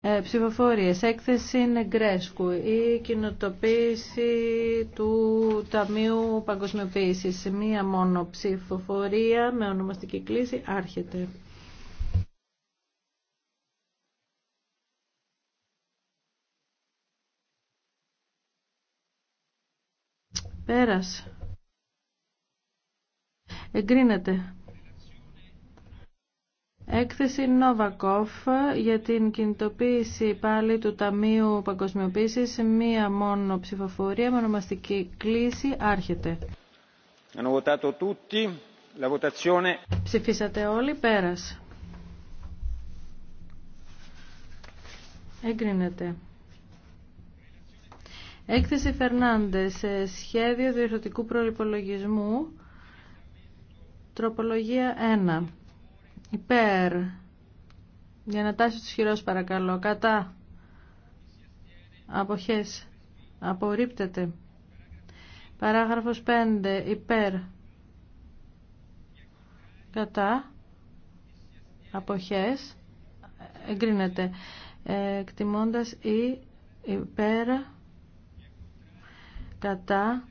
Ε, ψηφοφορίες, έκθεση Νεγκρέσκου, η κοινοτοποίηση του Ταμείου Παγκοσμιοποίησης. Μία μόνο ψηφοφορία με ονομαστική κλίση άρχεται. Πέρας. Εγκρίνεται. Έκθεση Νόβακοφ για την κινητοποίηση πάλι του Ταμείου Παγκοσμιοποίησης μία μόνο ψηφοφορία με ονομαστική κλίση άρχεται. Ψηφίσατε όλοι, πέρας. Εγκρίνεται. Έκθεση Φερνάντε σχέδιο διορθωτικού προπολογισμού. Τροπολογία 1. Υπέρ. Για να τάσει τους χειρός παρακαλώ. Κατά. Αποχές. Απορρίπτεται. Παράγραφος 5. Υπέρ. Κατά. Αποχές. Εγκρίνεται. κτιμώντας ή υπέρ. Κατά.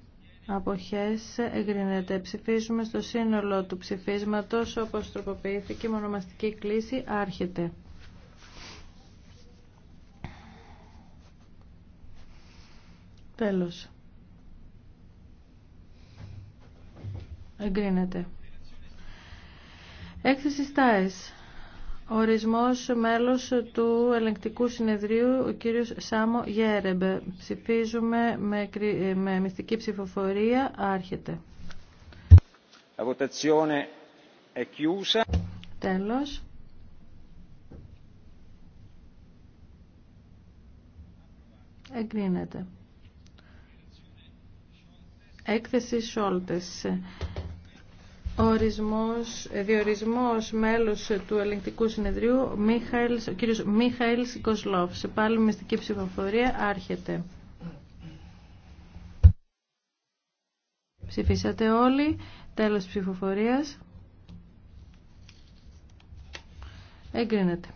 Αποχές εγκρίνεται. Ψηφίζουμε στο σύνολο του ψηφίσματος όπως τροποποιήθηκε η μονομαστική κλίση άρχεται. Τέλος. Εγκρίνεται. Έκθεση στάες. Ορισμός μέλος του ελεγκτικού συνεδρίου, ο κύριος Σάμο Γέρεμπε. Ψηφίζουμε με, ε, με μυστική ψηφοφορία. Άρχεται. La votazione è chiusa. Τέλος. Εγκρίνεται. Έκθεση Σόλτες. Ορισμός, ε, διορισμός μέλους του ελεγκτικού συνεδρίου, ο κύριος Μίχαηλ Κοσλόφ. Σε πάλι μυστική ψηφοφορία άρχεται. Ψηφίσατε όλοι. Τέλος ψηφοφορίας. Εγκρίνεται.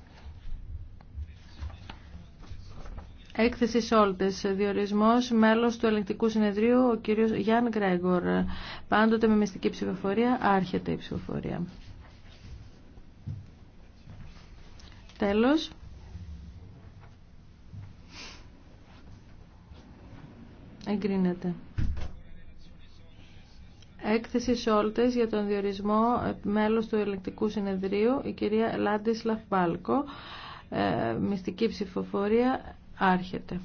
Έκθεση Σόλτες, διορισμός μέλος του ελεγκτικού συνεδρίου, ο κύριο Γιάνν Γκρέγκορ. Πάντοτε με μυστική ψηφοφορία, άρχεται η ψηφοφορία. Τέλος. Εγκρίνεται. Έκθεση Σόλτες για τον διορισμό μέλος του ελεγκτικού συνεδρίου, η κυρία Λάντισλαφ Μπάλκο. Ε, μυστική ψηφοφορία Άρχεται.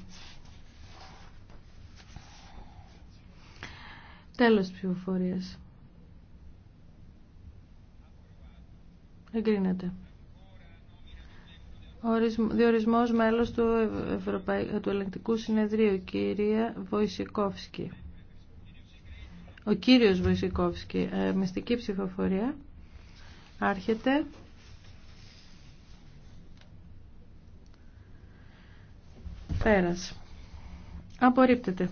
Τέλος της ψηφοφορίας. Εγκρίνεται. Διορισμός μέλος του, Ευρωπαϊ... του Ελεγκτικού Συνεδρίου, κυρία Βοησικόφσκη. Ο κύριος Βοησικόφσκη, ε, μυστική ψηφοφορία, άρχεται. Πέρας. Απορρίπτεται.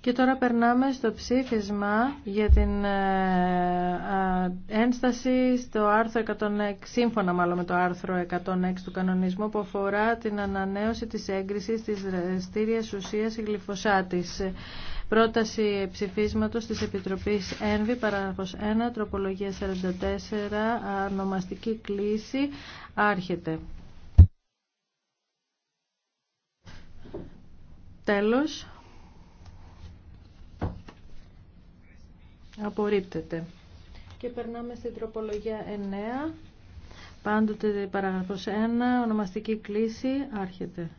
Και τώρα περνάμε στο ψήφισμα για την ε, ε, ένσταση στο άρθρο 106, σύμφωνα μάλλον με το άρθρο 106 του κανονισμού που αφορά την ανανέωση της έγκρισης της δραστήριας ουσίας γλυφοσάτης. Πρόταση ψηφίσματος της Επιτροπής ΕΝΒΗ, παράγραφος 1, τροπολογία 44, ονομαστική κλίση, άρχεται. Τέλος. Απορρίπτεται. Και περνάμε στην τροπολογία 9. Πάντοτε παραγραφός 1, ονομαστική κλίση, άρχεται.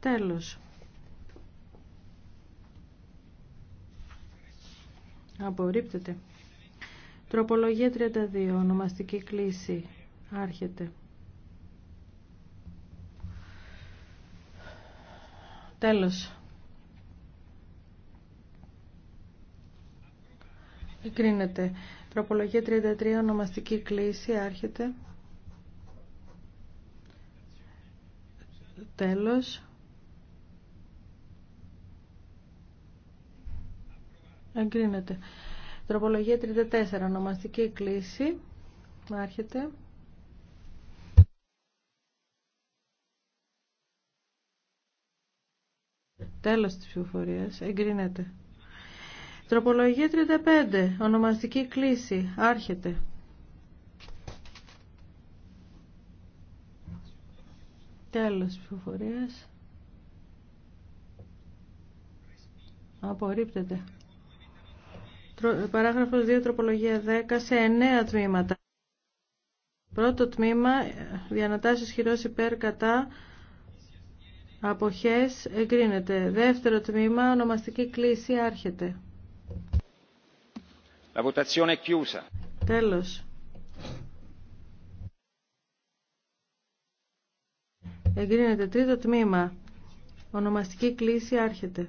Τέλος. Απορρίπτεται. Τροπολογία 32. Ονομαστική κλίση. Άρχεται. Τέλος. Εγκρίνεται. Τροπολογία 33. Ονομαστική κλίση. Άρχεται. Τέλος. Εγκρίνεται. Τροπολογία 34. Ονομαστική κλίση. Άρχεται. Τέλος της ψηφοφορίας. Εγκρίνεται. Τροπολογία 35. Ονομαστική κλίση. Άρχεται. Τέλος της ψηφοφορίας. Απορρίπτεται. Παράγραφος 2, τροπολογία 10, σε 9 τμήματα. Πρώτο τμήμα, ε, διανατάσεις χειρός υπέρ κατά αποχές εγκρίνεται. Δεύτερο τμήμα, ονομαστική κλίση άρχεται. La votazione è chiusa. Τέλος. Εγκρίνεται τρίτο τμήμα. Ονομαστική κλίση άρχεται.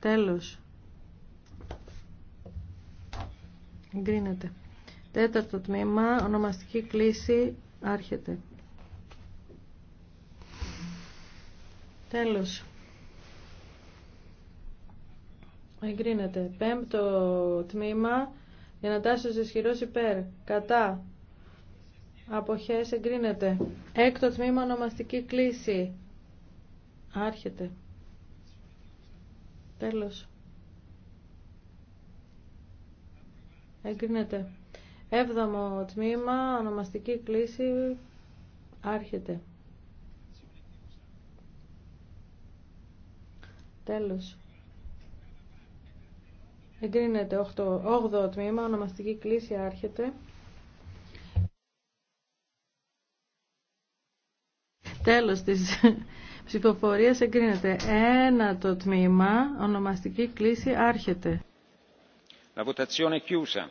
Τέλος. Εγκρίνεται. Τέταρτο τμήμα, ονομαστική κλίση, άρχεται. Τέλος. Εγκρίνεται. Πέμπτο τμήμα, Για διανατάσσεως ισχυρός υπέρ, κατά. Αποχές εγκρίνεται. Έκτο τμήμα, ονομαστική κλίση, άρχεται. Τέλος. Εγκρίνεται. Έβδομο τμήμα, ονομαστική κλίση, άρχεται. Τέλος. Εγκρίνεται. 8ο τμήμα, ονομαστική κλίση, άρχεται. Τέλος της Ψηφοφορία εγκρίνεται. Ένα το τμήμα. Ονομαστική κλίση άρχεται. La votazione chiusa.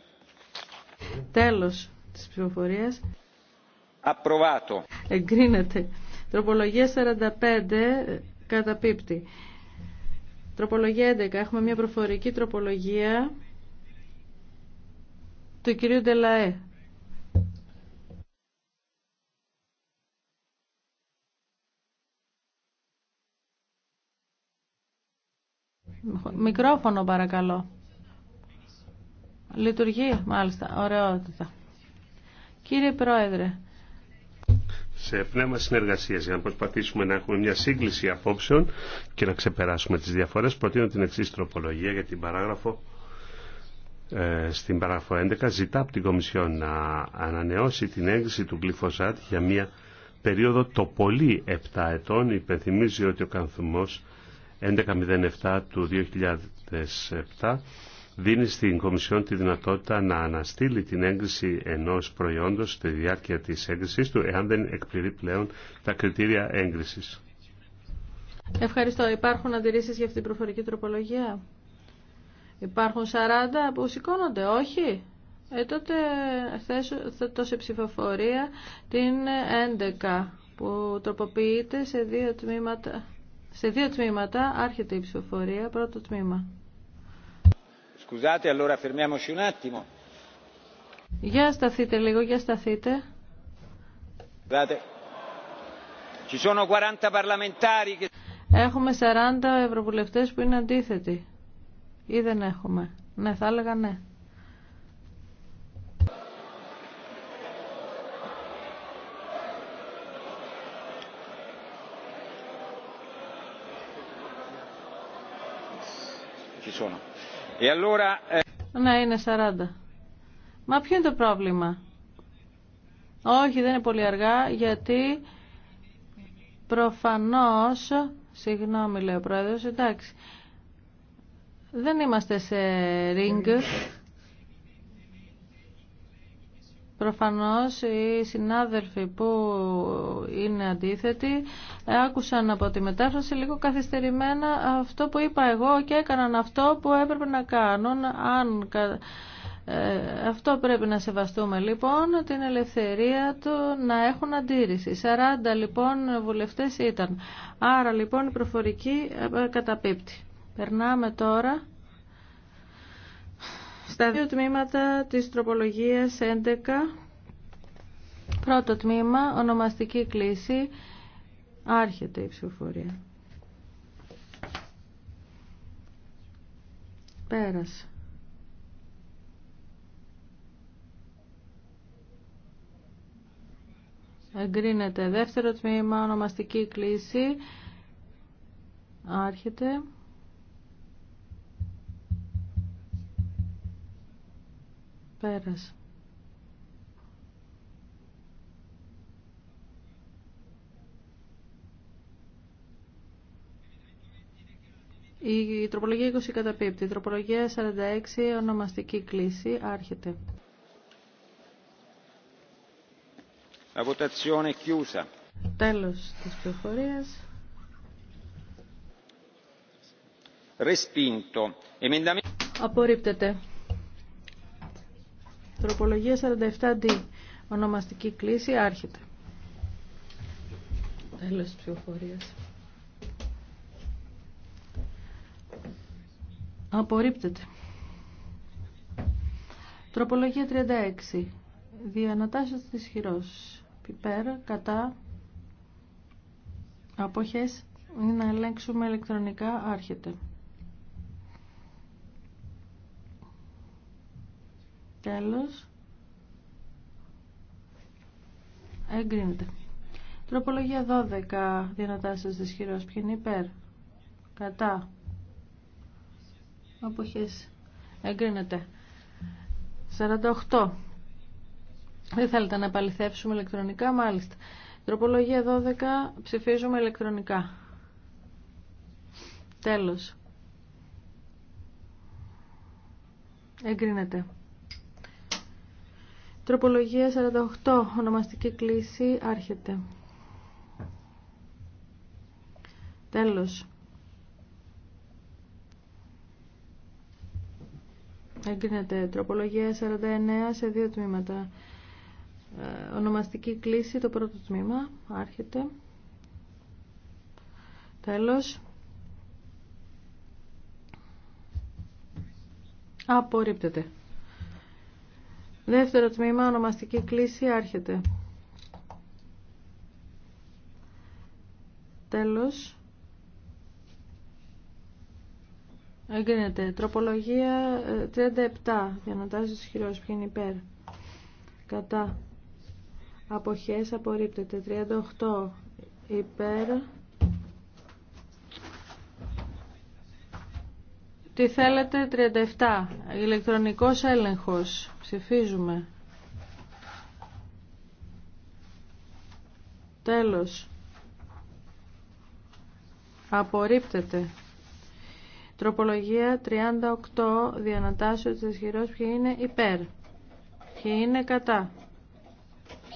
Τέλος της ψηφοφορίας. Approvato. Εγκρίνεται. Τροπολογία 45 καταπίπτει. Τροπολογία 11. Έχουμε μια προφορική τροπολογία του κυρίου Ντελαέ. Μικρόφωνο παρακαλώ. Λειτουργεί, μάλιστα. Ωραιότητα. Κύριε Πρόεδρε. Σε πνεύμα συνεργασίας για να προσπαθήσουμε να έχουμε μια σύγκληση απόψεων και να ξεπεράσουμε τις διαφορές, προτείνω την εξή τροπολογία για την παράγραφο ε, στην παράγραφο 11 ζητά από την Κομισιόν να ανανεώσει την έγκριση του Γλυφοζάτ για μια περίοδο το πολύ 7 ετών υπενθυμίζει ότι ο κανθουμός 1107 του 2007 δίνει στην Κομισιόν τη δυνατότητα να αναστείλει την έγκριση ενός προϊόντος στη διάρκεια της έγκρισης του εάν δεν εκπληρεί πλέον τα κριτήρια έγκρισης. Ευχαριστώ. Υπάρχουν αντιρρήσεις για αυτή την προφορική τροπολογία. Υπάρχουν 40 που σηκώνονται, όχι. Ε, τότε θέτω σε ψηφοφορία την 11 που τροποποιείται σε δύο τμήματα. Σε δύο τμήματα άρχεται η ψηφοφορία. Πρώτο τμήμα. Scusate, allora fermiamoci un attimo. Για σταθείτε λίγο, για σταθείτε. Ci 40 parlamentari Έχουμε 40 ευρωβουλευτές που είναι αντίθετοι. Ή δεν έχουμε. Ναι, θα έλεγα ναι. E eh, ναι, είναι 40. Μα ποιο είναι το πρόβλημα. Όχι, δεν είναι πολύ αργά, γιατί προφανώς, συγγνώμη λέει ο πρόεδρος, εντάξει, δεν είμαστε σε ρίγκ. Προφανώς οι συνάδελφοι που είναι αντίθετοι άκουσαν από τη μετάφραση λίγο καθυστερημένα αυτό που είπα εγώ και έκαναν αυτό που έπρεπε να κάνουν αν... Ε, αυτό πρέπει να σεβαστούμε λοιπόν, την ελευθερία του να έχουν αντίρρηση. 40 λοιπόν βουλευτές ήταν. Άρα λοιπόν η προφορική ε, καταπίπτει. Περνάμε τώρα στα δύο τμήματα της τροπολογίας 11 Πρώτο τμήμα, ονομαστική κλίση, άρχεται η ψηφοφορία. Πέρασε. Εγκρίνεται δεύτερο τμήμα, ονομαστική κλίση, άρχεται. Πέρας. Η τροπολογία 20 καταπίπτει. Η τροπολογία 46 ονομαστική κλίση. Άρχεται. La votazione chiusa. Τέλος της πληροφορίας. Respinto. Απορρίπτεται. Τροπολογία 47D. Ονομαστική κλίση άρχεται. Τέλος της ψηφοφορίας. Απορρίπτεται. Τροπολογία 36. Διανατάσσεως της χειρός. Πιπέρα, κατά, απόχες, να ελέγξουμε ηλεκτρονικά, άρχεται. Τέλος. Εγκρίνεται. Τροπολογία 12. Διανατάσεις της χειρός. Ποιοι είναι υπέρ. Κατά. Αποχές. Εγκρίνεται. 48. Δεν θέλετε να επαληθεύσουμε ηλεκτρονικά, μάλιστα. Τροπολογία 12. Ψηφίζουμε ηλεκτρονικά. Τέλος. Εγκρίνεται. Τροπολογία 48. Ονομαστική κλίση. Άρχεται. Τέλος. Έγκρινεται. Τροπολογία 49 σε δύο τμήματα. Ε, ονομαστική κλίση. Το πρώτο τμήμα. Άρχεται. Τέλος. Απορρίπτεται. Δεύτερο τμήμα, ονομαστική κλίση, άρχεται. Τέλος. Εγκρίνεται. Τροπολογία 37. Διανοτάζει τους χειρός. Ποιοι είναι υπέρ. Κατά. Αποχές απορρίπτεται. 38. Υπέρ. Τι θέλετε 37. Ηλεκτρονικός έλεγχος. Ψηφίζουμε. Τέλος. Απορρίπτεται. Τροπολογία 38. Διανατάσσεω της ισχυρός. Ποιοι είναι υπέρ. Ποιοι είναι κατά.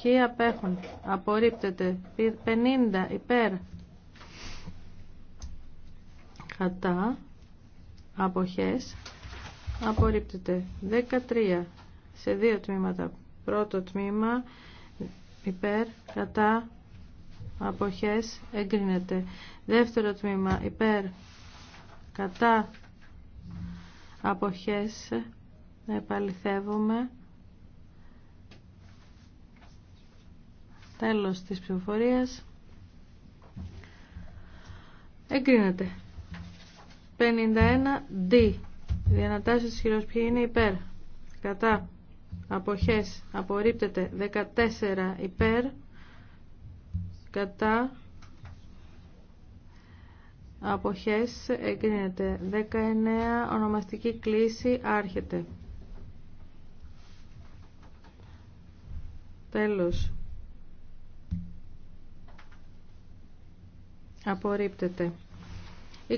Ποιοι απέχουν. Απορρίπτεται. 50. Υπέρ. Κατά αποχές απορρίπτεται 13 σε δύο τμήματα πρώτο τμήμα υπέρ κατά αποχές εγκρίνεται δεύτερο τμήμα υπέρ κατά αποχές επαληθεύουμε τέλος της ψηφοφορίας εγκρίνεται 51D. Διανατάσεις της είναι υπέρ. Κατά. Αποχές. Απορρίπτεται. 14 υπέρ. Κατά. Αποχές εγκρίνεται. 19 ονομαστική κλίση άρχεται. Τέλος. Απορρίπτεται. 21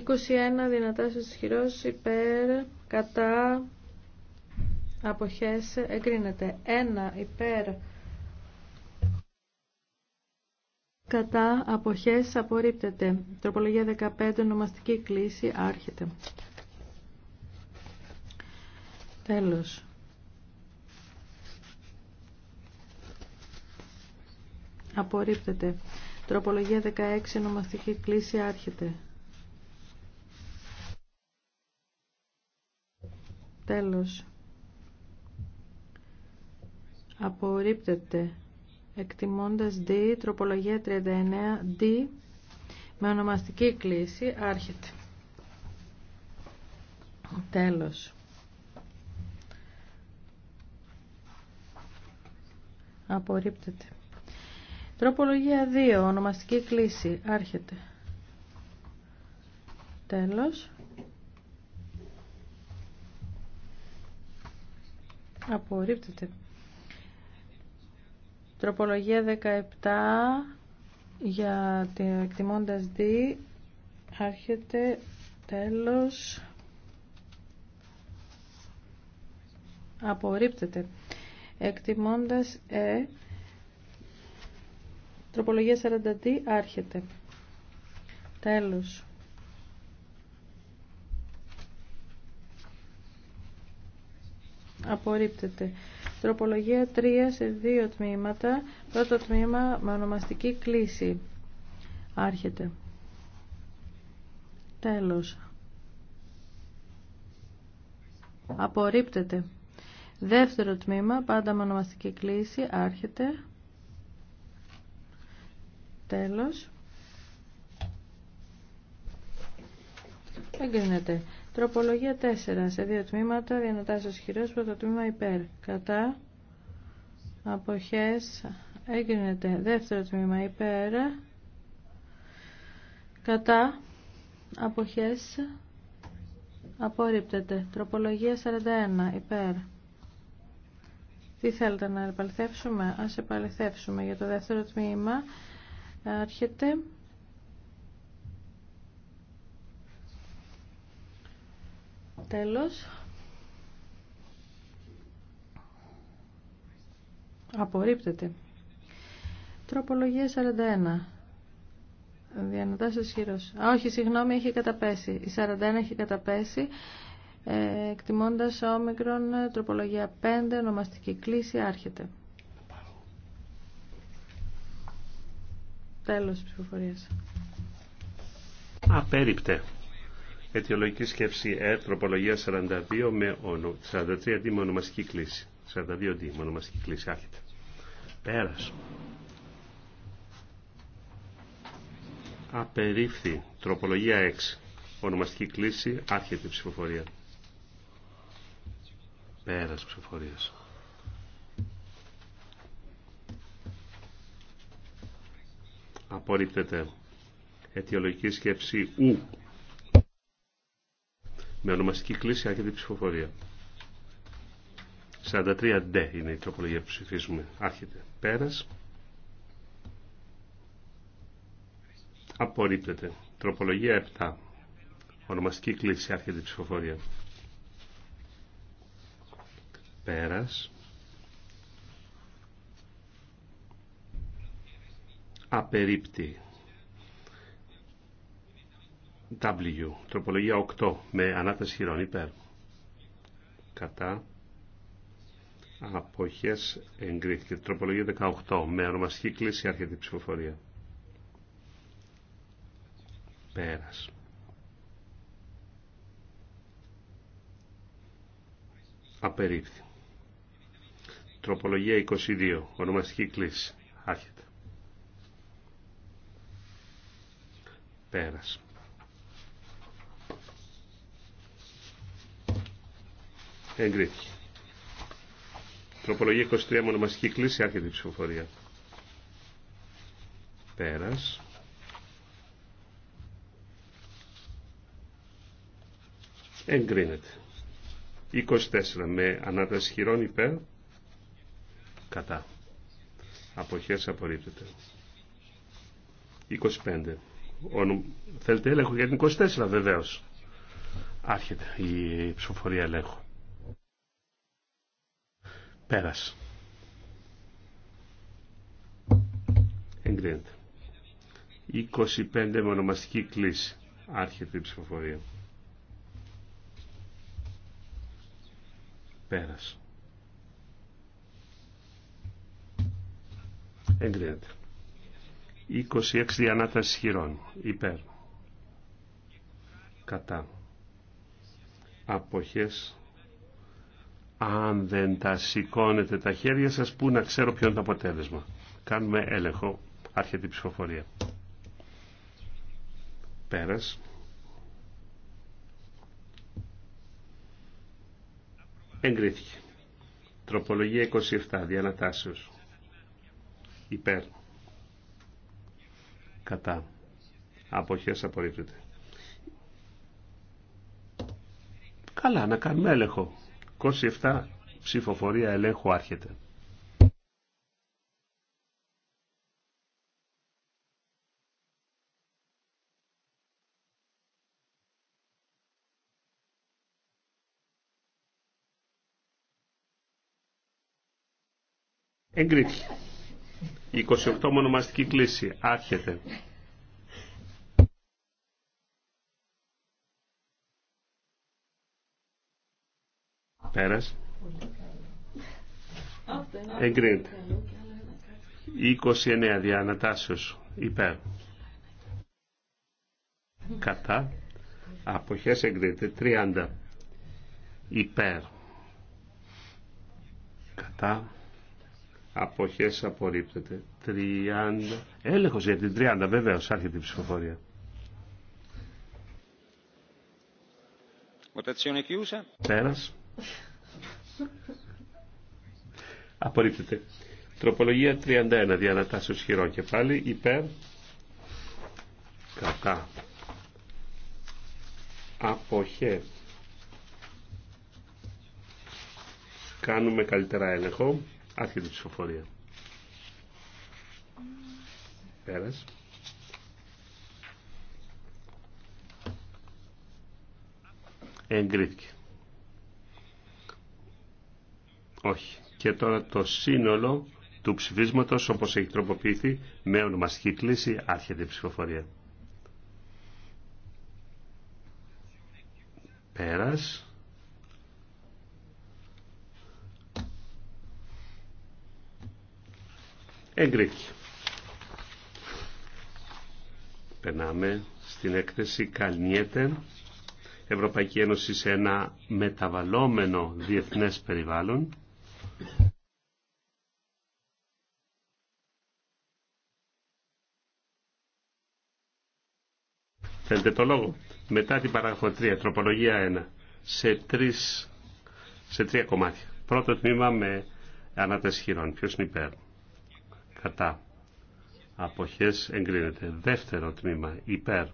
δυνατά στις χειρός υπέρ κατά αποχές εγκρίνεται 1 υπέρ κατά αποχές απορρίπτεται τροπολογία 15 ονομαστική κλίση άρχεται τέλος απορρίπτεται τροπολογία 16 ονομαστική κλίση άρχεται Τέλος. Απορρίπτεται. Εκτιμώντας D, τροπολογία 39, D, με ονομαστική κλίση, άρχεται. Τέλος. Απορρίπτεται. Τροπολογία 2, ονομαστική κλίση, άρχεται. Τέλος. Απορρίπτεται. Τροπολογία 17 για την εκτιμώντας D άρχεται τέλος απορρίπτεται Εκτιμώντα E. Ε, τροπολογία 40D άρχεται τέλος απορρίπτεται. Τροπολογία 3 σε δύο τμήματα. Πρώτο τμήμα με ονομαστική κλίση. Άρχεται. Τέλος. Απορρίπτεται. Δεύτερο τμήμα, πάντα με ονομαστική κλίση, άρχεται. Τέλος. Εγκρίνεται. Τροπολογία 4 σε δύο τμήματα, διανατάσεις χειρός, πρώτο τμήμα υπέρ, κατά, αποχές, έγκρινεται, δεύτερο τμήμα υπέρ, κατά, αποχές, απορρίπτεται, τροπολογία 41 υπέρ. Τι θέλετε να επαληθεύσουμε, ας επαληθεύσουμε για το δεύτερο τμήμα, άρχεται. Τέλος. Απορρίπτεται. Τροπολογία 41. Διανατάσσεως χειρός. Α, όχι, συγγνώμη, έχει καταπέσει. Η 41 έχει καταπέσει. Ε, εκτιμώντας όμικρον τροπολογία 5, ονομαστική κλίση, άρχεται. Τέλος της ψηφοφορίας. Απέριπτε αιτιολογική σκέψη Ε, τροπολογία 42 με ονομαστική 43 ονομαστική κλίση. 42D d ονομαστική κλίση, άρχεται. Πέρας. Απερίφθη, τροπολογία 6, ονομαστική κλίση, άρχεται η ψηφοφορία. Πέρας ψηφοφορίας. Απορρίπτεται αιτιολογική σκέψη Ο. Με ονομαστική κλίση άρχεται η ψηφοφορία. 43D είναι η τροπολογία που ψηφίζουμε. Άρχεται. Πέρας. Απορρίπτεται. Τροπολογία 7. Ονομαστική κλίση άρχεται η ψηφοφορία. Πέρας. Απερίπτει. W, τροπολογία 8, με ανάταση χειρών υπέρ. Κατά. Αποχές εγκρίθηκε. Τροπολογία 18, με ονομαστική κλίση άρχεται ψηφοφορία. Πέρας. Απερίφθη. Τροπολογία 22, ονομαστική κλίση. Άρχεται. Πέρας. εγκρίθηκε. Τροπολογία 23 μονομαστική κλίση άρχεται η ψηφοφορία. Πέρας. Εγκρίνεται. 24 με ανάταση χειρών υπέρ. Κατά. Αποχές απορρίπτεται. 25. θέλετε έλεγχο για την 24 βεβαίως. Άρχεται η ψηφοφορία ελέγχου. Πέρας. Εγκρίνεται. 25 με ονομαστική κλίση. Άρχεται η ψηφοφορία. Πέρας. Εγκρίνεται. 26 διανάταση χειρών. Υπέρ. Κατά. Αποχές αν δεν τα σηκώνετε τα χέρια σας, πού να ξέρω ποιο είναι το αποτέλεσμα. Κάνουμε έλεγχο. Άρχεται η ψηφοφορία. Πέρας. Εγκρίθηκε. Τροπολογία 27. Διανατάσεως. Υπέρ. Κατά. Αποχές απορρίπτεται. Καλά, να κάνουμε έλεγχο. 27 ψηφοφορία ελέγχου άρχεται. Εγκρίθηκε. 28 μονομαστική κλίση άρχεται. Πέρας. Εγκρίνεται. 29 διανατάσεως υπέρ. Κατά. Αποχές εγκρίνεται. 30 υπέρ. Κατά. Αποχές απορρίπτεται. 30. Έλεγχος για την 30 βεβαίως άρχεται η ψηφοφορία. Πέρας. Απορρίπτεται. Τροπολογία 31. Διανατάσσεω χειρό και πάλι. Υπέρ. Κατά. Αποχέ. Κάνουμε καλύτερα έλεγχο. Άρχεται η ψηφοφορία. Πέρας. Εγκρίθηκε. Όχι. Και τώρα το σύνολο του ψηφίσματος όπως έχει τροποποιηθεί με ονομαστική κλίση άρχεται η ψηφοφορία. Πέρας. Εγκρίκη. Περνάμε στην έκθεση Καλνιέτε, Ευρωπαϊκή Ένωση σε ένα μεταβαλλόμενο διεθνές περιβάλλον. Θέλετε το λόγο. Μετά την παράγραφο 3, τροπολογία 1, σε, τρεις, σε τρία κομμάτια. Πρώτο τμήμα με ανατεσχυρών. Ποιο είναι υπέρ. Κατά. Αποχές εγκρίνεται. Δεύτερο τμήμα υπέρ.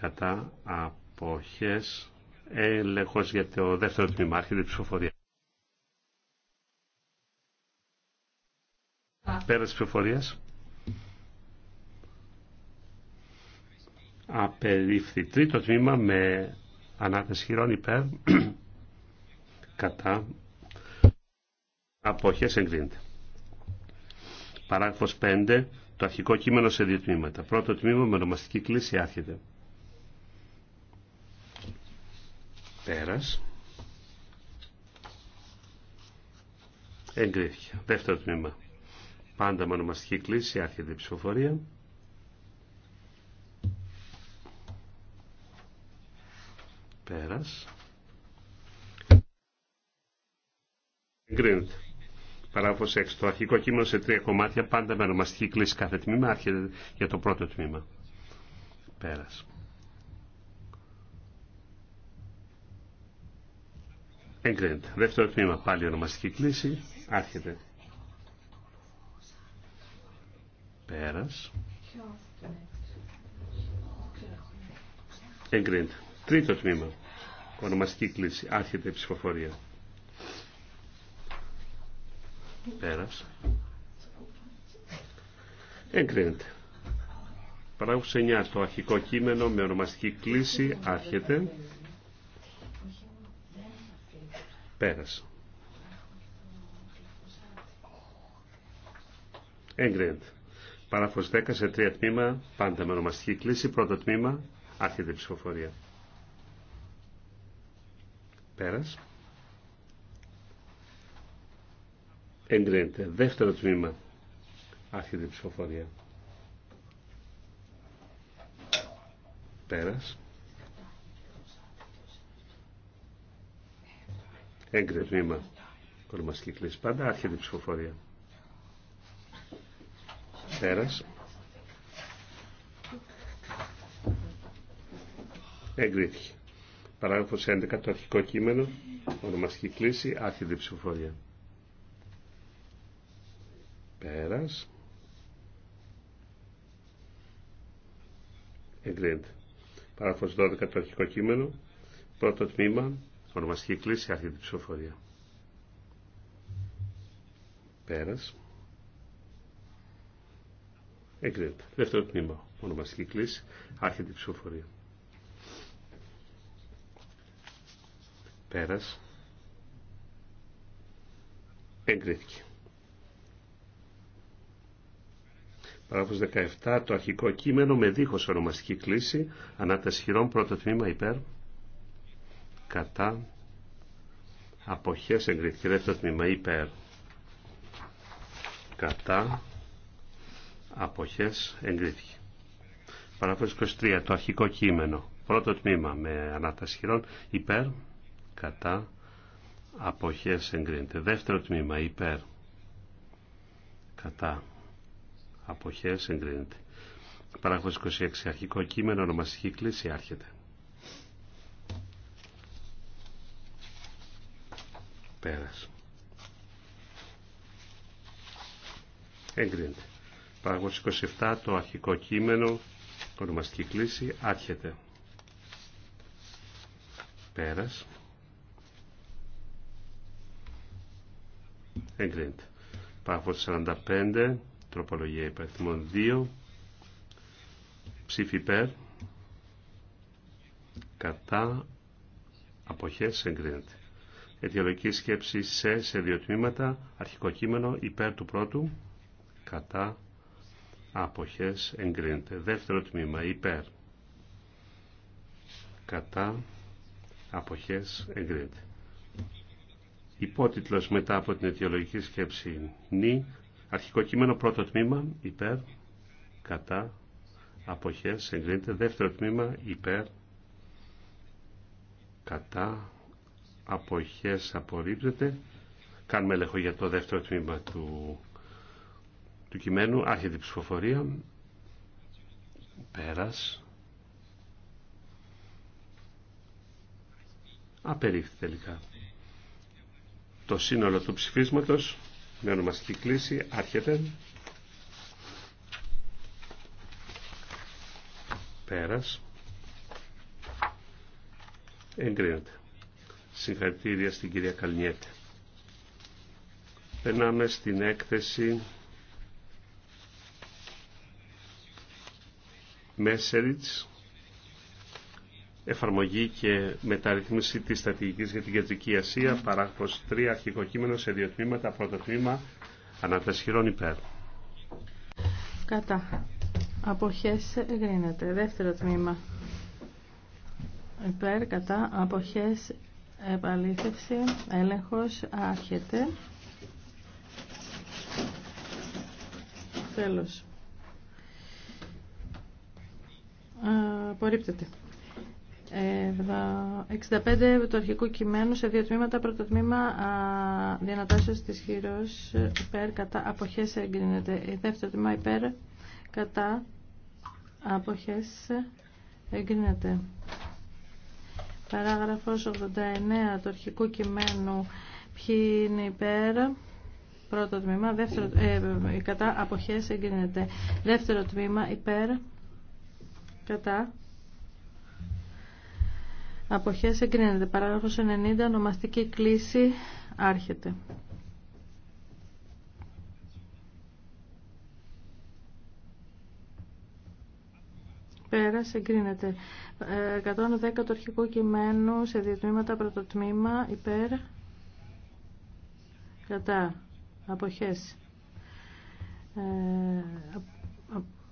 Κατά. Αποχές έλεγχος για το δεύτερο τμήμα. Άρχεται η ψηφοφορία. Πέρας ψηφοφορία. απερίφθη τρίτο τμήμα με ανάθεση χειρών υπέρ κατά αποχές εγκρίνεται. Παράγραφος 5. Το αρχικό κείμενο σε δύο τμήματα. Πρώτο τμήμα με ονομαστική κλίση άρχεται. Πέρας. Εγκρίθηκε. Δεύτερο τμήμα. Πάντα με ονομαστική κλίση άρχεται η ψηφοφορία. Πέρας. Εγκρίνεται. Παράγραφος 6. Το αρχικό κείμενο σε τρία κομμάτια πάντα με ονομαστική κλίση κάθε τμήμα άρχεται για το πρώτο τμήμα. Πέρας. Εγκρίνεται. Δεύτερο τμήμα πάλι ονομαστική κλίση άρχεται. Πέρας. Εγκρίνεται. Τρίτο τμήμα. Ονομαστική κλίση. Άρχεται η ψηφοφορία. Πέρας. Εγκρίνεται. Παράγωγος 9. Το αρχικό κείμενο με ονομαστική κλίση άρχεται. Πέρας. Εγκρίνεται. Παράγραφος 10 σε τρία τμήμα, πάντα με ονομαστική κλίση. Πρώτο τμήμα, άρχεται η ψηφοφορία. Πέρας. Εγκρίνεται. Δεύτερο τμήμα. Άρχεται η ψηφοφορία. Πέρας. Έγκρινε τμήμα. Ονομαστική κλίση. Πάντα άρχεται η ψηφοφορία. Πέρας. Εγκρίθηκε. Παράγραφος 11 το αρχικό κείμενο, ονομαστική κλίση, άρχιδη ψηφοφορία. Πέρας. Εγκρίνεται. Παράγραφος 12 το αρχικό κείμενο, πρώτο τμήμα, ονομαστική κλίση, άρχιδη ψηφοφορία. Πέρας. Εγκρίνεται. Δεύτερο τμήμα, ονομαστική κλίση, άρχιδη ψηφοφορία. Πέρας. Εγκρίθηκε. Παράγραφος 17. Το αρχικό κείμενο με δίχως ονομαστική κλίση ανατεσχυρών πρώτο τμήμα υπέρ κατά αποχές εγκρίθηκε δεύτερο τμήμα υπέρ κατά αποχές εγκρίθηκε. Παράγραφος 23. Το αρχικό κείμενο πρώτο τμήμα με ανατασχηρών υπέρ κατά αποχές εγκρίνεται δεύτερο τμήμα υπέρ κατά αποχές εγκρίνεται παράγραφος 26 αρχικό κείμενο ονομαστική κλίση άρχεται πέρας εγκρίνεται παράγραφος 27 το αρχικό κείμενο ονομαστική κλίση άρχεται πέρας Εγκρίνεται. Παραφορ 45, τροπολογία υπαριθμών 2, ψήφι υπέρ, κατά, απόχέ, εγκρίνεται. Αιτιολογική σκέψη σε, σε δύο τμήματα, αρχικό κείμενο υπέρ του πρώτου, κατά, απόχέ, εγκρίνεται. Δεύτερο τμήμα, υπέρ, κατά, απόχέ, εγκρίνεται. Υπότιτλος μετά από την αιτιολογική σκέψη νη, αρχικό κείμενο πρώτο τμήμα, υπέρ, κατά, αποχές, εγκρίνεται, δεύτερο τμήμα, υπέρ, κατά, αποχές, απορρίπτεται. Κάνουμε έλεγχο για το δεύτερο τμήμα του, του κειμένου, άρχεται η ψηφοφορία, πέρας, απερίφθη τελικά το σύνολο του ψηφίσματος με ονομαστική κλίση άρχεται. Πέρας. Εγκρίνεται. Συγχαρητήρια στην κυρία Καλνιέτη. Περνάμε στην έκθεση Μέσεριτς εφαρμογή και μεταρρύθμιση της στρατηγικής για την Κεντρική Ασία, παράγραφος 3, αρχικό κείμενο σε δύο τμήματα, πρώτο τμήμα, ανατασχυρών υπέρ. Κατά. Αποχές εγκρίνεται. Δεύτερο τμήμα. Υπέρ, κατά, αποχές, επαλήθευση, έλεγχος, άρχεται. Τέλος. Απορρίπτεται. 65 του αρχικού κειμένου σε δύο τμήματα. Πρώτο τμήμα διανατάσσεω τη χειρό υπέρ κατά αποχέ εγκρίνεται. Δεύτερο τμήμα υπέρ κατά αποχέ εγκρίνεται. Παράγραφος 89 του αρχικού κειμένου ποιοι είναι υπέρ πρώτο τμήμα δεύτερο, ε, κατά αποχέ εγκρίνεται. Δεύτερο τμήμα υπέρ κατά Αποχές εγκρίνεται. Παράγραφος 90. Ονομαστική κλίση άρχεται. Πέρας εγκρίνεται. 110 το αρχικό κειμένο σε διατμήματα πρωτοτμήμα υπέρ. Κατά. Αποχές. Ε,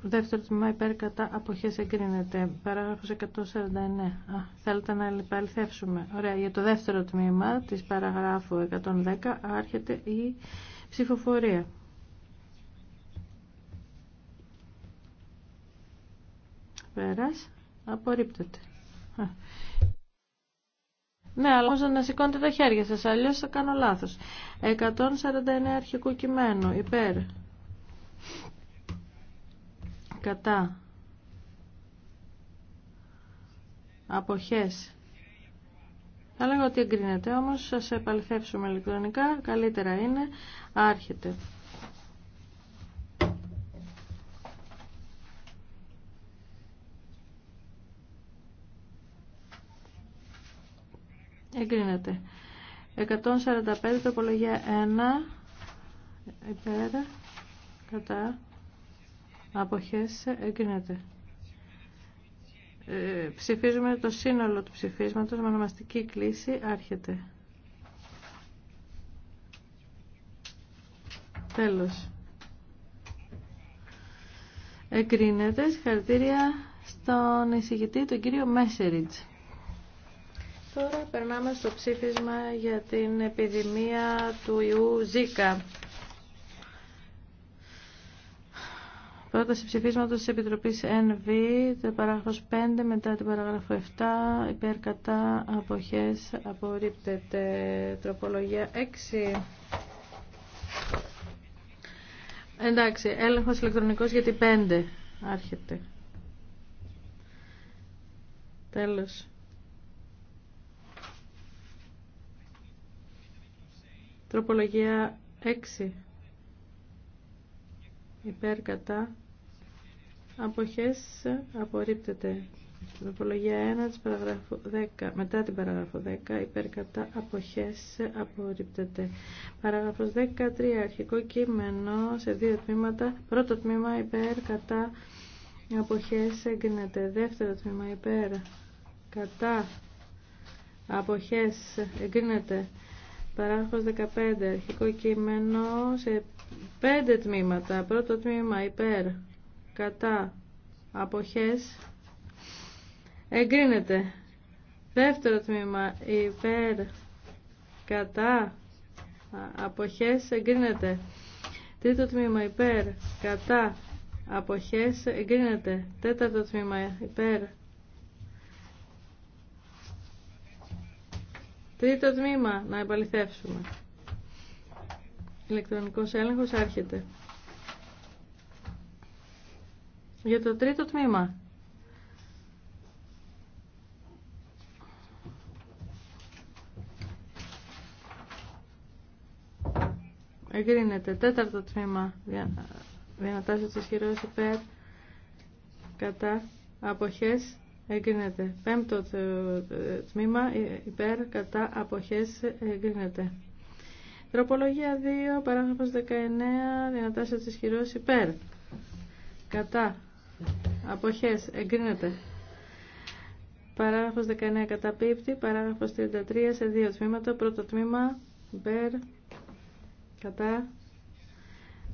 Δεύτερο τμήμα υπέρ κατά αποχές εγκρίνεται. Παράγραφο 149. Α, θέλετε να επαληθεύσουμε. Ωραία. Για το δεύτερο τμήμα τη παραγράφου 110 άρχεται η ψηφοφορία. Πέρα, Απορρίπτεται. Ναι, αλλά όμως να σηκώνετε τα χέρια σας, αλλιώς θα κάνω λάθος. 149 αρχικού κειμένου, υπέρ, κατά αποχές θα λέγω ότι εγκρίνεται όμως σας επαληθεύσουμε ηλεκτρονικά καλύτερα είναι άρχεται εγκρίνεται 145 τοπολογία 1 υπέρ κατά αποχές εγκρίνεται. Ε, ψηφίζουμε το σύνολο του ψηφίσματος με ονομαστική κλίση άρχεται. Τέλος. Εγκρίνεται. Συγχαρητήρια στον εισηγητή, τον κύριο Μέσεριτς. Τώρα περνάμε στο ψήφισμα για την επιδημία του ιού Ζήκα. Πρόταση ψηφίσματος της Επιτροπής NV, το παράγραφος 5 μετά την παράγραφο 7, υπέρ κατά αποχές απορρίπτεται. Τροπολογία 6. Εντάξει, έλεγχος ηλεκτρονικός για την 5 άρχεται. Τέλος. Τροπολογία 6. Υπέρ κατά Αποχές απορρίπτεται. Τροπολογία 1 της παραγράφου 10, μετά την παραγράφο 10, υπερκατά κατά αποχές απορρίπτεται. Παραγράφος 13, αρχικό κείμενο σε δύο τμήματα. Πρώτο τμήμα υπέρ κατά αποχές εγκρίνεται. Δεύτερο τμήμα υπέρ κατά αποχές εγκρίνεται. Παράγραφος 15, αρχικό κείμενο σε πέντε τμήματα. Πρώτο τμήμα υπέρ κατά αποχές εγκρίνεται δεύτερο τμήμα υπέρ κατά αποχές εγκρίνεται τρίτο τμήμα υπέρ κατά αποχές εγκρίνεται τέταρτο τμήμα υπέρ τρίτο τμήμα να επαληθεύσουμε ηλεκτρονικός έλεγχος άρχεται για το τρίτο τμήμα. Εγκρίνεται. Τέταρτο τμήμα. τη χειρός υπέρ. Κατά. Αποχές. Εγκρίνεται. Πέμπτο τμήμα. Ε, υπέρ. Κατά. Αποχές. Εγκρίνεται. Τροπολογία 2. Παράγραφος 19. τη χειρός υπέρ. Κατά. Αποχές. Εγκρίνεται. Παράγραφος 19 καταπίπτει. Παράγραφος 33 σε δύο τμήματα. Πρώτο τμήμα. υπέρ, Κατά.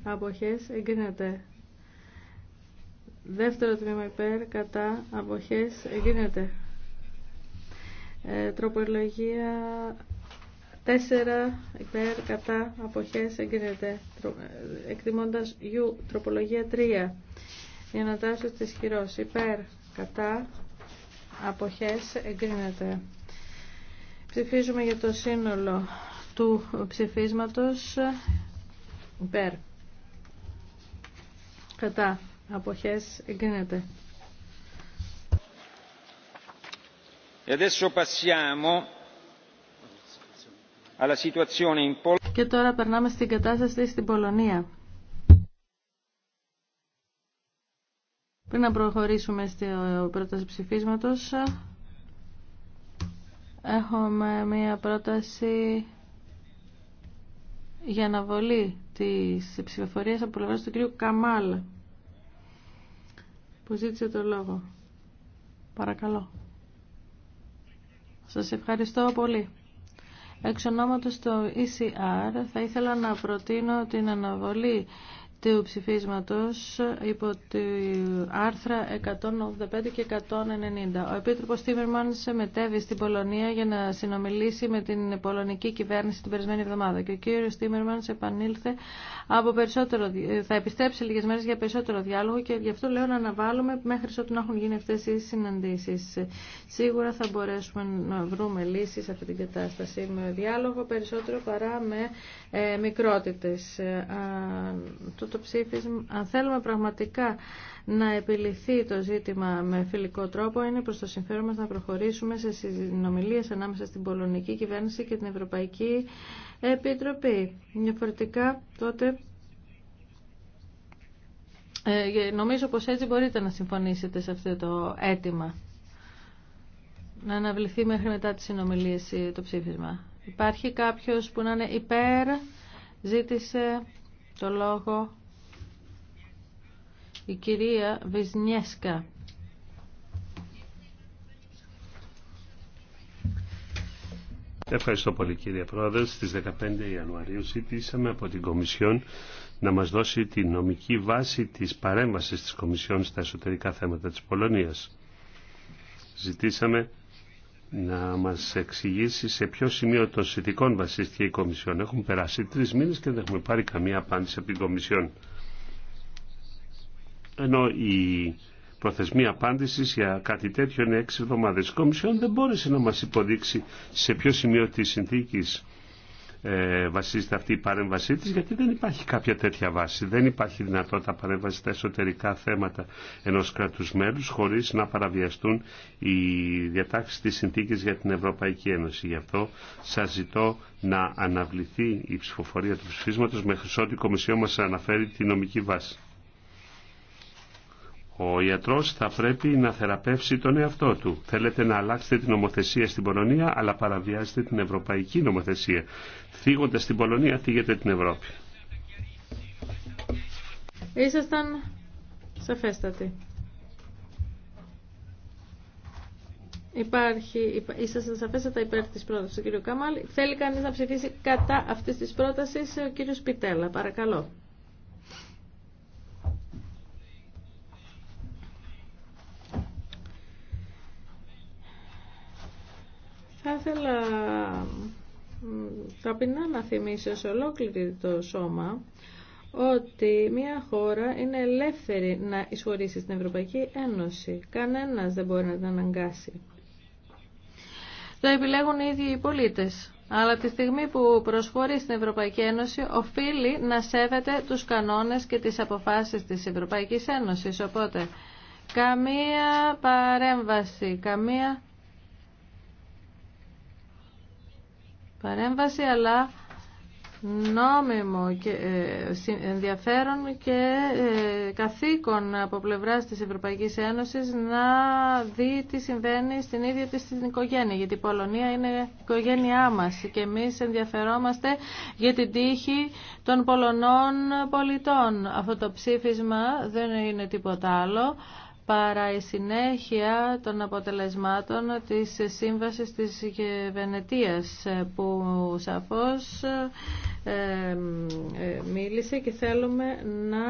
Αποχές. Εγκρίνεται. Δεύτερο τμήμα υπέρ, κατά, αποχές, εγκρίνεται. Ε, τροπολογία 4 υπέρ, κατά, αποχές, εγκρίνεται. Ε, εκτιμώντας U, τροπολογία 3 να τάσω της χειρός υπέρ, κατά, αποχές εγκρίνεται. Ψηφίζουμε για το σύνολο του ψηφίσματος υπέρ. Κατά. Αποχές εγκρίνεται. E Και τώρα περνάμε στην κατάσταση στην Πολωνία. Πριν να προχωρήσουμε στο πρόταση ψηφίσματος, έχουμε μία πρόταση για αναβολή της ψηφοφορίας από πλευράς του κ. Καμάλ, που ζήτησε το λόγο. Παρακαλώ. Σας ευχαριστώ πολύ. Εξ ονόματος του ECR θα ήθελα να προτείνω την αναβολή του ψηφίσματος υπό τη άρθρα 185 και 190. Ο Επίτροπος Τίμερμαν μετέβη στην Πολωνία για να συνομιλήσει με την πολωνική κυβέρνηση την περισμένη εβδομάδα και ο κύριος Τίμερμαν επανήλθε από περισσότερο, ε, θα επιστρέψει λίγες μέρες για περισσότερο διάλογο και γι' αυτό λέω να αναβάλουμε μέχρι όταν να έχουν γίνει αυτές οι συναντήσεις. Σίγουρα θα μπορέσουμε να βρούμε λύσεις σε αυτή την κατάσταση με διάλογο περισσότερο παρά με ε, μικρότητες. Ε, το ψήφισμα, αν θέλουμε πραγματικά να επιληθεί το ζήτημα με φιλικό τρόπο, είναι προς το συμφέρον μας να προχωρήσουμε σε συνομιλίες ανάμεσα στην πολωνική κυβέρνηση και την Ευρωπαϊκή Επιτροπή. Διαφορετικά τότε ε, νομίζω πως έτσι μπορείτε να συμφωνήσετε σε αυτό το αίτημα. Να αναβληθεί μέχρι μετά τις συνομιλίες το ψήφισμα. Υπάρχει κάποιος που να είναι υπέρ, ζήτησε το λόγο η κυρία Βυζνιέσκα. Ευχαριστώ πολύ κύριε Πρόεδρε. Στις 15 Ιανουαρίου ζητήσαμε από την Κομισιόν να μας δώσει τη νομική βάση της παρέμβασης της Κομισιόν στα εσωτερικά θέματα της Πολωνίας. Ζητήσαμε να μας εξηγήσει σε ποιο σημείο των συνθηκών βασίστηκε η Κομισιόν. Έχουν περάσει τρεις μήνες και δεν έχουμε πάρει καμία απάντηση από την Κομισιόν. Ενώ η προθεσμία απάντηση για κάτι τέτοιο είναι έξι εβδομάδες. Η Κομισιόν δεν μπόρεσε να μας υποδείξει σε ποιο σημείο της συνθήκης ε, βασίζεται αυτή η παρέμβασή της γιατί δεν υπάρχει κάποια τέτοια βάση. Δεν υπάρχει δυνατότητα παρέμβαση στα εσωτερικά θέματα ενός κρατούς μέλους χωρίς να παραβιαστούν οι διατάξεις της συνθήκης για την Ευρωπαϊκή Ένωση. Γι' αυτό σας ζητώ να αναβληθεί η ψηφοφορία του ψηφίσματος μέχρι ό,τι η Κομισιό μας αναφέρει τη νομική βάση. Ο ιατρός θα πρέπει να θεραπεύσει τον εαυτό του. Θέλετε να αλλάξετε την νομοθεσία στην Πολωνία, αλλά παραβιάζετε την ευρωπαϊκή νομοθεσία. Φύγοντα στην Πολωνία, θίγετε την Ευρώπη. Ήσασταν σαφέστατοι. Υπάρχει, ήσασταν σαφέστατα υπέρ της πρότασης του κ. Καμάλ. Θέλει κανείς να ψηφίσει κατά αυτής της πρότασης ο κ. Πιτέλα. Παρακαλώ. ήθελα ταπεινά να θυμίσω σε ολόκληρη το σώμα ότι μια χώρα είναι ελεύθερη να εισχωρήσει στην Ευρωπαϊκή Ένωση. Κανένας δεν μπορεί να την αναγκάσει. Το επιλέγουν οι ίδιοι οι πολίτες. Αλλά τη στιγμή που προσχωρεί στην Ευρωπαϊκή Ένωση, οφείλει να σέβεται τους κανόνες και τις αποφάσεις της Ευρωπαϊκής Ένωσης. Οπότε, καμία παρέμβαση, καμία παρέμβαση, αλλά νόμιμο και ε, ενδιαφέρον και ε, καθήκον από πλευράς της Ευρωπαϊκής Ένωσης να δει τι συμβαίνει στην ίδια της την οικογένεια γιατί η Πολωνία είναι η οικογένειά μας και εμείς ενδιαφερόμαστε για την τύχη των Πολωνών πολιτών αυτό το ψήφισμα δεν είναι τίποτα άλλο παρά η συνέχεια των αποτελεσμάτων της σύμβασης της Βενετίας που σαφώς ε, ε, μίλησε και θέλουμε να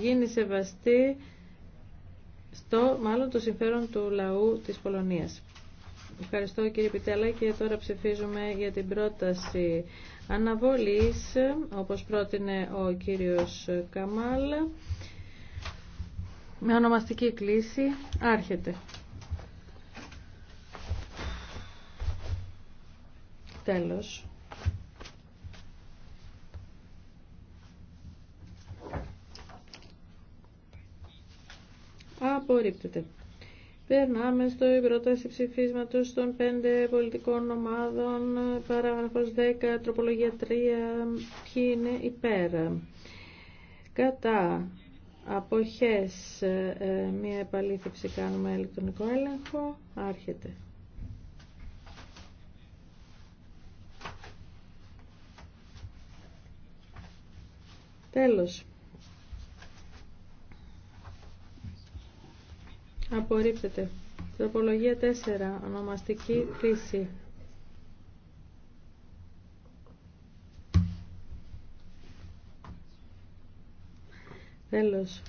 γίνει σεβαστή στο μάλλον το συμφέρον του λαού της Πολωνίας. Ευχαριστώ κύριε Πιτέλα και τώρα ψηφίζουμε για την πρόταση αναβολής όπως πρότεινε ο κύριος Καμάλ. Με ονομαστική κλίση άρχεται. Τέλος. Απορρίπτεται. Περνάμε στο πρόταση ψηφίσματος των πέντε πολιτικών ομάδων, παράγραφος 10, τροπολογία 3, ποιοι είναι υπέρ. Κατά Αποχές. Ε, ε, μία επαλήθευση κάνουμε ηλεκτρονικό έλεγχο. Άρχεται. Τέλος. Απορρίπτεται. Τροπολογία 4. Ονομαστική κρίση. Τέλος.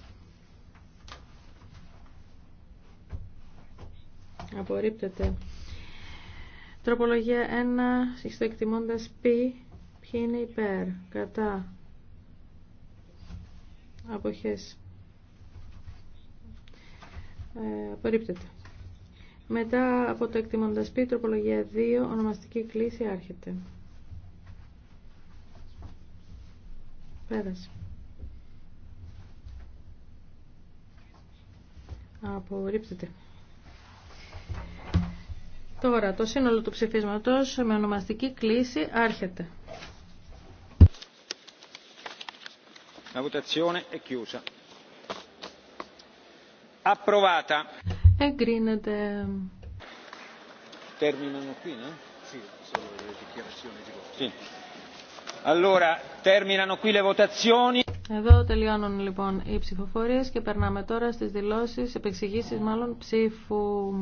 Απορρίπτεται. Τροπολογία 1 στο εκτιμώντας π. Ποιοι είναι υπέρ, κατά, αποχές. Ε, απορρίπτεται. Μετά από το εκτιμώντας π, τροπολογία 2, ονομαστική κλίση άρχεται. Πέρασε. Απορρίπτεται. Τώρα το σύνολο του ψηφίσματος με ονομαστική κλίση άρχεται. La votazione è chiusa. Approvata. E Εγκρίνεται. Terminano qui, no? Sì, sono le dichiarazioni di voto. Sì. Allora, terminano qui le votazioni. Εδώ τελειώνουν λοιπόν οι ψηφοφορίες και περνάμε τώρα στις δηλώσεις, επεξηγήσεις μάλλον ψήφου.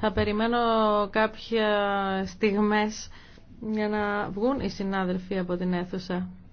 Θα περιμένω κάποια στιγμές για να βγουν οι συνάδελφοι από την αίθουσα.